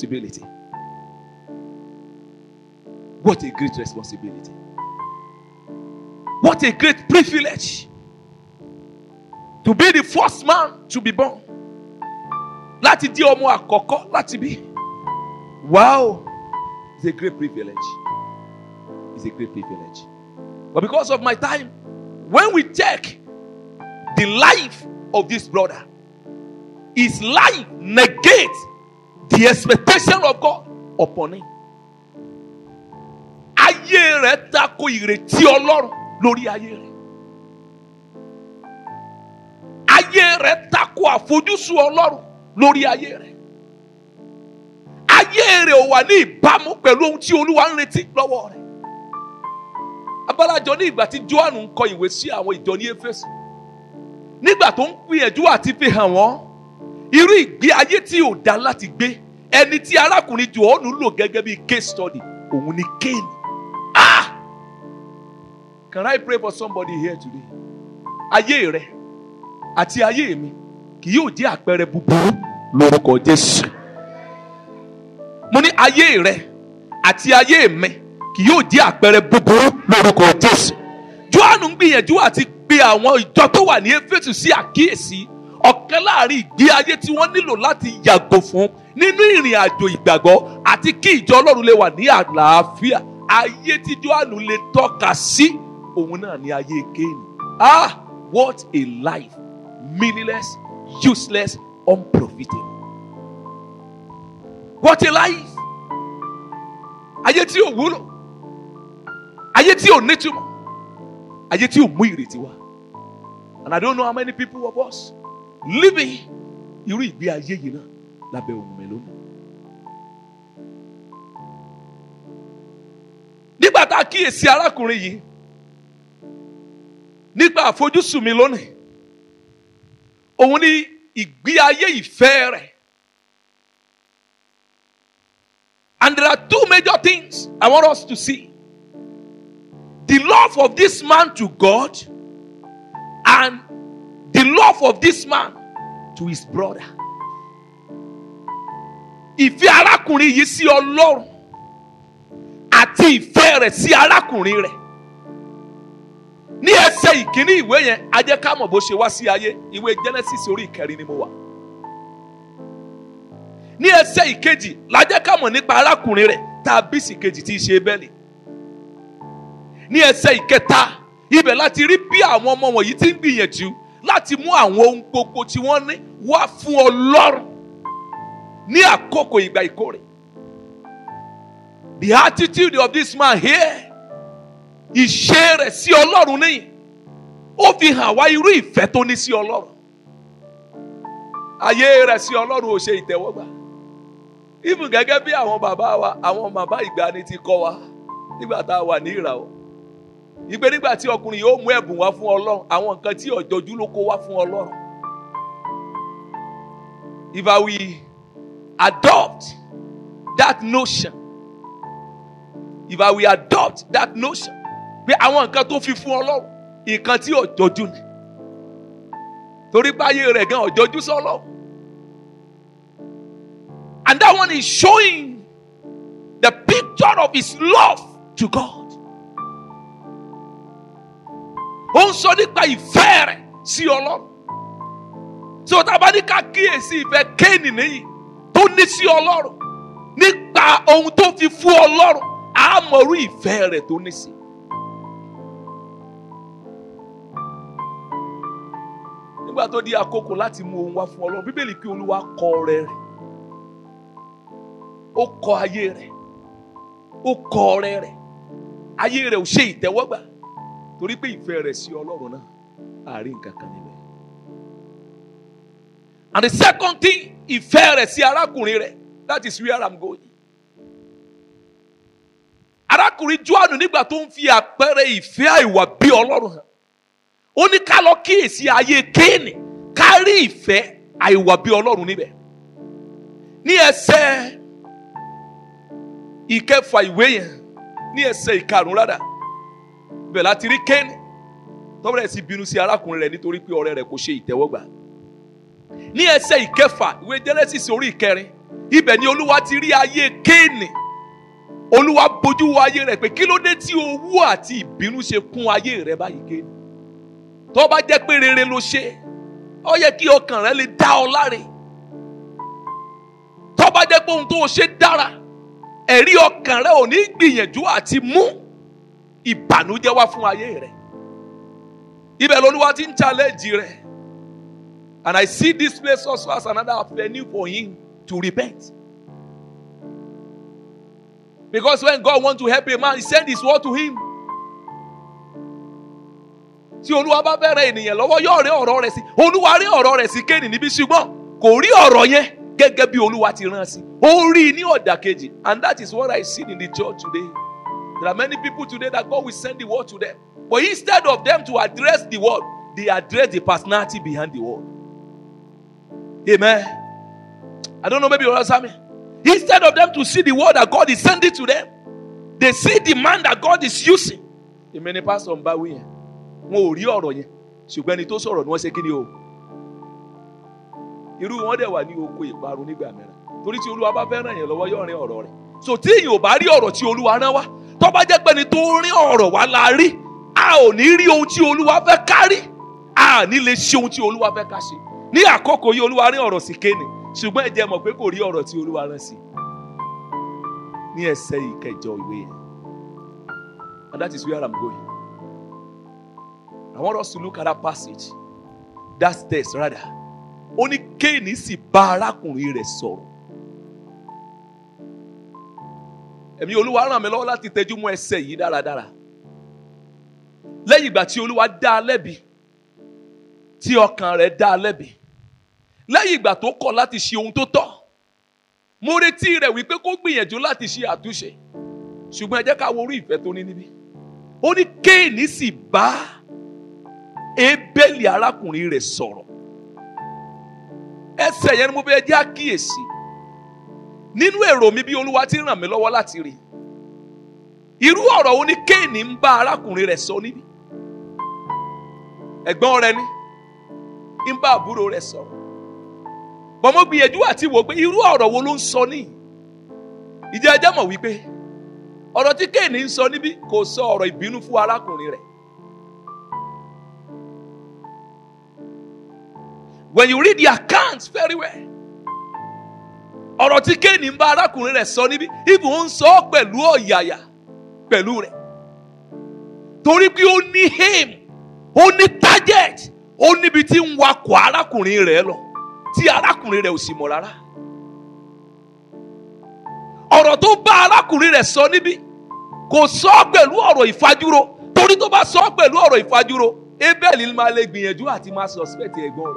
responsibility. What a great responsibility. What a great privilege to be the first man to be born. Láti di ọmọ àkọ́kọ́ láti bí. Wow! It's a great privilege. It's a great privilege. But because of my time, when we check the life of this brother, his life negates the expectation of God upon him. Ayé rẹ̀ tako ìrètí Ọlọ́run lórí ayé rẹ̀. Ayé rẹ̀ tako àfojúsùn Ọlọ́run lórí ayé rẹ̀. Ayé rẹ̀ ò wà ní ìbámu pẹ̀lú ohun tí Olúwa ń retí lọ́wọ́ rẹ̀. Abálájọ ní ìgbà tí Jọ́ànù ń kọ ìwé sí àwọn ìjọ ní Éfésù. Nígbà tó ń gbìyànjú àti fi hàn wọ́n irú ìgbé ayé tí ò dá láti gbé ẹni tí arákùnrin Jòhánù lò gẹ́gẹ́ bí case study òun ni Kéènì ah can I pray for somebody here today ayé rẹ àti ayé mi kì yóò jẹ́ àpẹẹrẹ búburú lórúkọ Jésù mo ní ayé rẹ àti ayé mi kì yóò jẹ́ àpẹẹrẹ búburú lórúkọ Jésù Jòhánù ń gbìyànjú àti gbé àwọn ìjọ tó wà ní Éfésù sí àkíyèsí. Si ọ̀kan láàrin ìgbé ayé tí wọ́n nílò láti yàgò fún nínú ìrìn àjò ìgbàgbọ́ àti kí ìjọ Ọlọ́run lè wà ní àlàáfíà ayé tí Jòhánù lè tọ́ka sí òun náà ni ayé Kéènì ah what a life meaningless useless unprofitable what a life ayé tí ò wúlò ayé tí ò nítumọ̀ ayé tí ò mú ìrètí wá and I don't know how many people of us. living irú ìgbé ayé yìí náà lábẹ́ ohun mi lónìí. nígbà tá a kíyèsí arákùnrin yìí nígbà àfojúsùn mi lónìí òun ni ìgbé ayé ìfẹ́ rẹ̀. And there are two major things I want us to see the love of this man to God and the love of this man to his brother. Ìfẹ́ arákùnrin yìí sí Ọlọ́run àti ìfẹ́ rẹ̀ sí arákùnrin rẹ̀. Ní ẹsẹ̀ ìkíní ìwé yẹn, a jẹ́ ká mọ̀ bó ṣe wá sí ayé. Ìwé Genesis orí ìkẹrin ni mo wà. Ní ẹsẹ̀ ìkejì, la jẹ́ ká mọ̀ nípa arákùnrin rẹ̀ tàbí ìsìkejì tí í ṣe Bẹ́lì. Ní ẹsẹ̀ ìkẹta, ibẹ̀ láti rí bí àwọn ọmọ wọ̀nyí ti ń gbìyànjú láti mú àwọn ohun gbogbo tí wọ́n ní wá fún Ọlọ́run ní àkókò ìgbà ìkórè. The attitude of this man here ìṣe rẹ̀ sí Ọlọ́run nìyí ó fi hàn wá irú ìfẹ́ tó ní sí Ọlọ́run ayé rẹ̀ sí Ọlọ́run ò ṣe ìtẹ́wọ́gbà even gẹ́gẹ́ bí àwọn bàbá wa àwọn bàbá ìgbani ti kọ́ wa nígbà tá a wà ní ìràwọ̀ ìgbé nígbà tí ọkùnrin yóò mú ẹ̀bùn wá fún ọlọ́run àwọn nǹkan tí ọ̀jọ̀jú ló kó wá fún ọlọ́run if I will adopt that notion if I will adopt that notion pé àwọn nǹkan tó fi fún ọlọ́run nǹkan tí ọ̀jọ̀jú ni torí báyé rẹ̀ gan ọ̀jọ̀jú sọ́lọ́ and that one is showing the picture of his love to God. ó ń sọ nípa ìfẹ́ rẹ̀ sí ọlọ́run tí o ta bá ní ká kíyèsí ìfẹ́ kéènì nìyí tó ní sí ọlọ́run nípa ohun tó fi fún ọlọ́run á mọ̀rú ìfẹ́ rẹ̀ tó ní sí. nígbà tó di àkókò láti mú ohun wá fún ọlọ́run bíbélì kí olúwa kọ ọrẹ rẹ̀ ó kọ ayé rẹ̀ ó kọ ọrẹ rẹ̀ ayé rẹ̀ ò ṣe ìtẹ́wọ́gbà torí pé ìfẹ́ rẹ̀ sí ọlọ́run náà àárín nǹkan kan níbẹ̀. and the second thing ìfẹ́ rẹ̀ sí arákùnrin rẹ̀ that is where I'm going. arákùnrin Jòhánù nígbà tó ń fi àpẹẹrẹ ìfẹ́ àìwà bí ọlọ́run hàn ó ní ká lọ kíyèsí ayé Kéènì ká rí ìfẹ́ àìwà bí ọlọ́run níbẹ̀ ní ẹsẹ̀ ìkẹfà ìwé yẹn ní ẹsẹ̀ ìkarùn-ún rárá bẹ̀ láti rí Kéènì tó bẹ̀rẹ̀ sí bínú sí arákùnrin rẹ̀ nítorí pé ọ̀rẹ́ rẹ̀ kò ṣe ìtẹ́wọ́gbà ní ẹsẹ̀ ìkẹfà ìwé Jẹ́nẹ́sísì orí ìkẹrin ibẹ̀ ni Olúwa ti rí ayé Kéènì Olúwa bojú wo ayé rẹ̀ pé kí ló dé tí owú àti ìbínú ṣe kún ayé rẹ̀ báyìí Kéènì tó bá jẹ́ pé rere ló ṣe ó yẹ kí ọkàn rẹ lè dá ọ láre tó bá jẹ́ pé ohun tó o ṣe dára ẹ̀rí ọkàn rẹ ò ní gbìyànjú àti mú ìbànújẹ́ wá fún ayé rẹ ibẹ̀ lolúwa ti ń challenge rẹ and I see this place also as another avenue for him to repent because when God want to help a man he send his word to him tí olúwa bá bẹ̀rẹ̀ ènìyàn lọ́wọ́ yóò rí ọ̀rọ̀ rẹ̀ sí olúwa rí ọ̀rọ̀ rẹ̀ sí kéènì níbi ṣùgbọ́n kò rí ọ̀rọ̀ yẹn gẹ́gẹ́ bí olúwa ti rán sí ó rí i ní ọ̀dà kejì and that is what I see in the church today. There are many people today that God will send the word to them. But instead of them to address the word, they address the personality behind the word. Amen. I don't know, maybe you understand me. Instead of them to see the word that God is sending to them, they see the man that God is using. Èmi ni pásítọ̀ ń bá wí yẹn. Wọn ò rí Irú wọn dẹ̀ wà ní oko ìparun nígbà mìíràn. Torí tí Olúwa bá fẹ́ yẹn lọ́wọ́ yóò rin ọ̀rọ̀ rẹ̀. So tí èyàn bá rí ọ̀rọ̀ tí Olúwa rán wá, tó bá jẹ́ pé ẹni tó rí ọ̀rọ̀ wá la rí a ò ní rí ohun tí olúwa fẹ́ ká rí a ní lè ṣe ohun tí olúwa fẹ́ ká ṣe ní àkókò yìí olúwa rí ọ̀rọ̀ sí kéne ṣùgbọ́n ẹ jẹ́ mọ̀ pé kò rí ọ̀rọ̀ tí olúwa rán sí ní ẹsẹ̀ ìkẹjọ ìwé yẹn and that is where I'm going I want us to look at that passage that text rather ó ní kéènì sì bá arákùnrin rẹ̀ sọ̀rọ̀ ẹ̀mí olúwa ràn mí lọ́wọ́ láti tẹ́jú mọ́ ẹsẹ̀ yìí dáradára lẹ́yìn ìgbà tí olúwa dá a lẹ́bi tí ọkàn rẹ̀ dá a lẹ́bi lẹ́yìn ìgbà tó kọ̀ láti ṣe ohun tó tọ́ mo retí rẹ̀ wípé kó gbìyànjú láti ṣe àtúnṣe ṣùgbọ́n ẹ jẹ́ ká wo orí ìfẹ́ tó ní níbí ó ní kéènì sì bá ebéèlì arákùnrin rẹ̀ sọ̀rọ̀ ẹsẹ̀ yẹn ni mo fẹ́ jẹ́ àkíyèsí nínú èrò mi bí olúwa ti ràn mí lọ́wọ́ láti rí irú ọ̀rọ̀ wo ni kéènì ń bá arákùnrin rẹ̀ sọ níbi ẹ̀gbọ́n rẹ̀ ni ń bá àbúrò rẹ̀ sọ̀rọ̀ bọ́mọ gbìyànjú àti wò pé irú ọ̀rọ̀ wo ló ń sọ ní ìjẹ́ ẹjẹ́ mọ̀ wípé ọ̀rọ̀ tí kéènì ń sọ níbi kò sọ ọ̀rọ̀ ìbínú fún arákùnrin rẹ̀ when you read the account very well ọ̀rọ̀ tí kéènì ń bá arákùnrin rẹ̀ sọ níbí ibùn ó ń sọ ọ́ pẹ̀lú ọ̀yàyà pẹ̀lú rẹ̀ torí pé ó ní aim ó ní target ó níbi tí ń wakọ̀ arákùnrin rẹ̀ lọ tí arákùnrin rẹ̀ ò sì mọ̀ rárá ọ̀rọ̀ tó bá arákùnrin rẹ̀ sọ níbí kò sọ ọ́ pẹ̀lú ọ̀rọ̀ ìfajúro torí tó bá sọ ọ́ pẹ̀lú ọ̀rọ̀ ìfajúro Abel máa lè gbìyànjú àti máa suspect ẹ̀gbọ́n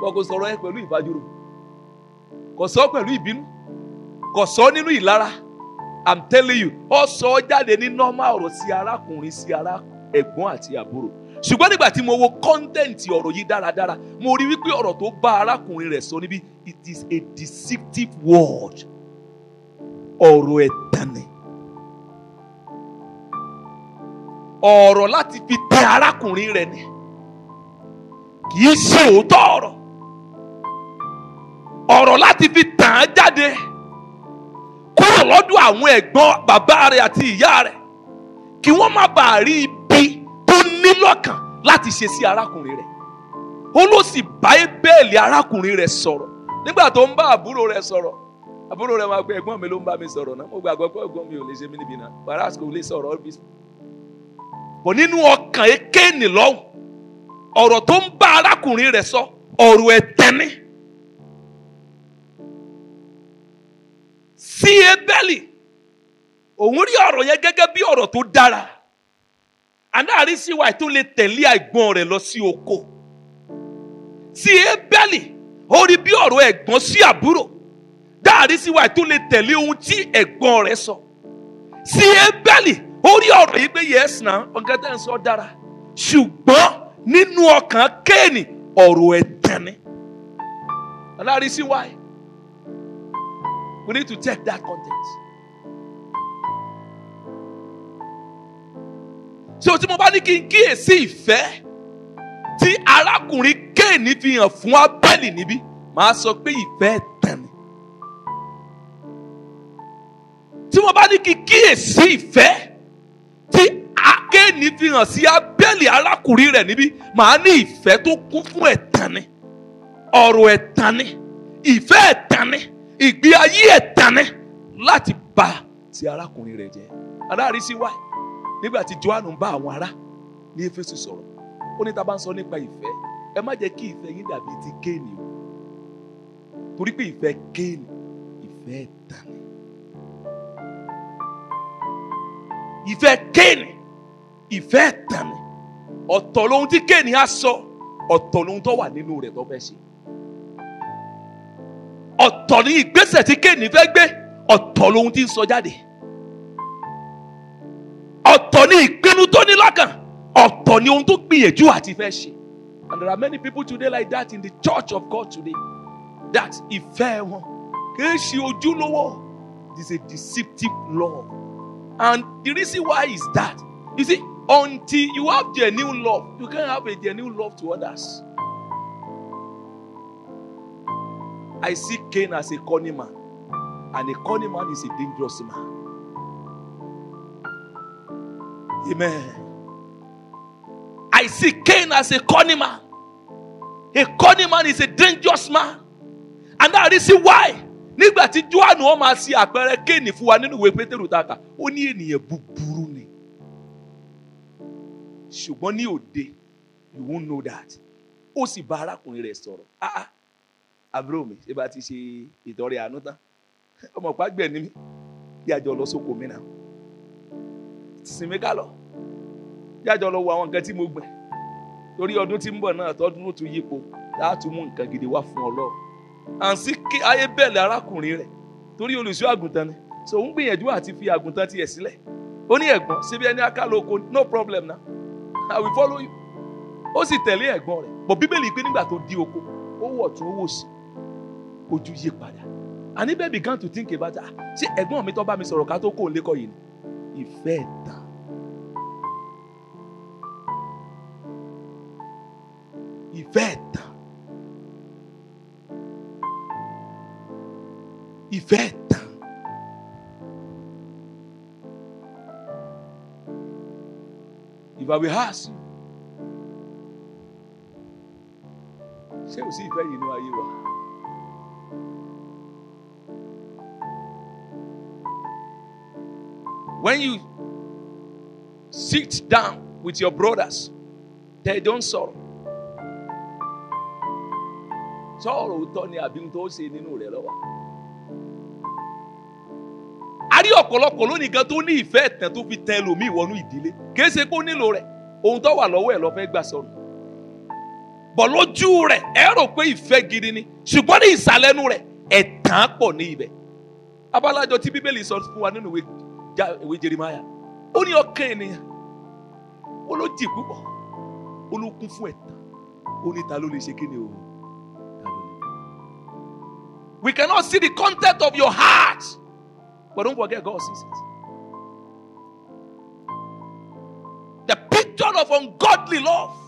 rẹ̀ kò sọ̀rọ̀ ẹ pẹ̀lú ìfajúro kò sọ pẹ̀lú ìbínú kò sọ nínú ìlara i'm telling you ó sọ jáde ní normal ọ̀rọ̀ sí arákùnrin sí ará ẹ̀gbọ́n àti àbúrò ṣùgbọ́n nígbà tí mo wo kọ́ńtẹ́ǹtì ọ̀rọ̀ yìí dáradára mo rí wípé ọ̀rọ̀ tó bá arákùnrin rẹ̀ sọ níbí it is a deceptive word ọ̀rọ̀ ẹ̀tàn ni ọ̀rọ̀ láti fi tẹ arákùnrin rẹ̀ ni kì í ṣe òótọ́ ọ̀rọ̀ ọ̀rọ̀ láti fi tàn án jáde kúrò lọ́dọ̀ àwọn ẹ̀gbọ́n bàbá rẹ̀ àti ìyá rẹ̀ kí wọ́n má bàa rí ibi tó ní lọ́kàn láti ṣe sí arákùnrin rẹ̀ ó ló sì bá bẹ́ẹ̀lì arákùnrin rẹ̀ sọ̀rọ̀ nígbà tó ń bá àbúrò rẹ̀ sọ̀rọ̀ àbúrò rẹ̀ máa pe ẹ̀gbọ́n mi ló ń bá mi sọ̀rọ̀ náà mo gbàgbọ́ pé ẹ̀gbọ́n mi ò lè ṣe mí níbi náà bàrà àsìkò lè sọ̀rọ̀ ọ́ bí. bò nínú ọkàn ekéènì lọ́hùn ọ̀rọ̀ tó ń bá arákùnrin rẹ̀ sọ ọ̀rọ̀ ẹ̀tẹ́ni sí ebeli, òun rí ọ̀rọ̀ yẹn gẹ́gẹ́ bí ọ̀rọ̀ tó dára anáàrí sí wa tó lè tẹ̀lé àìgbọ́n rẹ̀ lọ sí oko sí ebeli, ó rí bí ọ̀rọ̀ ẹ̀gbọ́n sí àbúrò dáàrí sí wa tó lè tẹ̀lé ohun tí ẹ̀gbọ́n rẹ̀ sọ sí Ébẹ́lì ó rí ọ̀rọ̀ yìí pé yẹ́sì náà ọ̀gá tẹ̀ ń sọ dára ṣùgbọ́n nínú ọkàn Kéènì ọ̀rọ̀ ẹ̀tàn ni anáàrí sí wa yìí. We need to take that content. Ṣé o tí mo bá ní kí n kíyèsí ìfẹ́ tí arákùnrin Kéènì fi hàn fún Abẹ́lì níbí? Màá sọ pé ìfẹ́ tàn ni. Tí mo bá ní kí n kíyèsí ìfẹ́ tí Kéènì fi hàn sí Abẹ́lì arákùnrin rẹ̀ níbí, màá ní ìfẹ́ tó kún fún ẹ̀tàn ni. Ọ̀rọ̀ ẹ̀tàn ni. Ìfẹ́ ẹ̀tàn ni ìgbé ayé ẹ̀tàn ni láti bà ti arákùnrin rẹ̀ jẹ́ aláàrísí wáyé nígbà tí Jòhánù ń bá àwọn ará ní Éfésù sọ̀rọ̀ ó ní ta bá ń sọ nípa ìfẹ́ ẹ má jẹ́ kí ìfẹ́ yín dàbí ti Kéènì o torí pé ìfẹ́ Kéènì ìfẹ́ ẹ̀tàn ni ìfẹ́ Kéènì ìfẹ́ ẹ̀tàn ni ọ̀tọ̀ lohun tí Kéènì á sọ ọ̀tọ̀ lohun tó wà nínú rẹ̀ tó fẹ́ ṣe ọ̀tọ̀ ní ìgbésẹ̀ tí kéènì fẹ́ gbé ọ̀tọ̀ lohun tí ń sọ jáde ọ̀tọ̀ ní ìpinnu tó ní lọ́kàn ọ̀tọ̀ ní ohun tó gbìyànjú àti fẹ́ ṣe and there are many people today like that in the church of God today that ìfẹ́ wọn kìí ṣe ojúlówó it is a deceptive love and the reason why is that you see until you have genuine love you can't have a genuine love to others. I see Cain as a cunning man, and a cunning man is a dangerous man. Amen. I see Cain as a cunning man. A cunning man is a dangerous man. And that is why. Nígbà tí Jọ́ánù ó máa ṣe àpẹẹrẹ Kéènì fún wa nínú ìwé Pétérù tààtà, ó ní ènìyàn búburú ni. Ṣùgbọ́n ní òde, you won't know that. Ó sì bá arákùnrin rẹ̀ sọ̀rọ̀. Ah ah àbúrò mi ṣé bá ti ṣe ìtọrẹ àánú tán ọmọ pàgbẹ́ ni mí yàjọ lọ sóko mi náà sinmi ká lọ yàjọ lọ wo àwọn nǹkan tí mo gbìn torí ọdún tí ń bọ̀ náà tọdún ó tún yípo láti mú nǹkan gidi wá fún ọlọ́run àǹsí kí ayé bẹ̀lẹ̀ arákùnrin rẹ̀ torí olùṣọ́ àgùntàn ni so ń gbìyànjú àti fi àgùntàn tiẹ̀ sílẹ̀ ó ní ẹ̀gbọ́n síbi ẹni akálò oko no problem na i will follow you ó sì tẹ̀lé ẹ̀gbọ́n rẹ̀ bọ̀ bíbélì pé nígbà tó di oko ó wọ̀ tún ó wò sí i ojú yí padà and he began to think about ah ṣé ẹ̀gbọ́n mi tó bá mi sọ̀rọ̀ ká tó kó lẹ́kọ̀ọ́ yìí ni ìfẹ́ ẹ̀tàn. ìfẹ́ ẹ̀tàn. ìfẹ́ ẹ̀tàn. If I will ask you, ṣé o sí ìfẹ́ yìí nínú ayé wa? When you sit down with your brothers, they don't sorrow. sọ̀rọ̀ òótọ́ ni àbí tó ṣe nínú rẹ̀ lọ́wọ́. a ní ìfẹ́ ẹ̀tàn tó fi tẹ ẹlòmíì wọnú ìdílé kì í ṣe pé ó nílò rẹ̀ tó wà lọ́wọ́ ẹ̀ lọ fẹ́ gbà sọ̀rọ̀. bọ̀ lójú ẹ pé ìfẹ́ gidi ni ṣùgbọ́n ní ìsàlẹ̀nu rẹ̀ ẹ̀tàn pọ̀ ní ibẹ̀. tí bíbélì sọ fún wa nínú ìwé ìwé Jeremiah ó ní ọkàn ènìyàn ó ló jì púpọ̀ ó ló kún fún ẹ̀tàn ó ní ta ló lè ṣe kíni o We cannot see the content of your heart but don't forget God sees it. The picture of ungodly love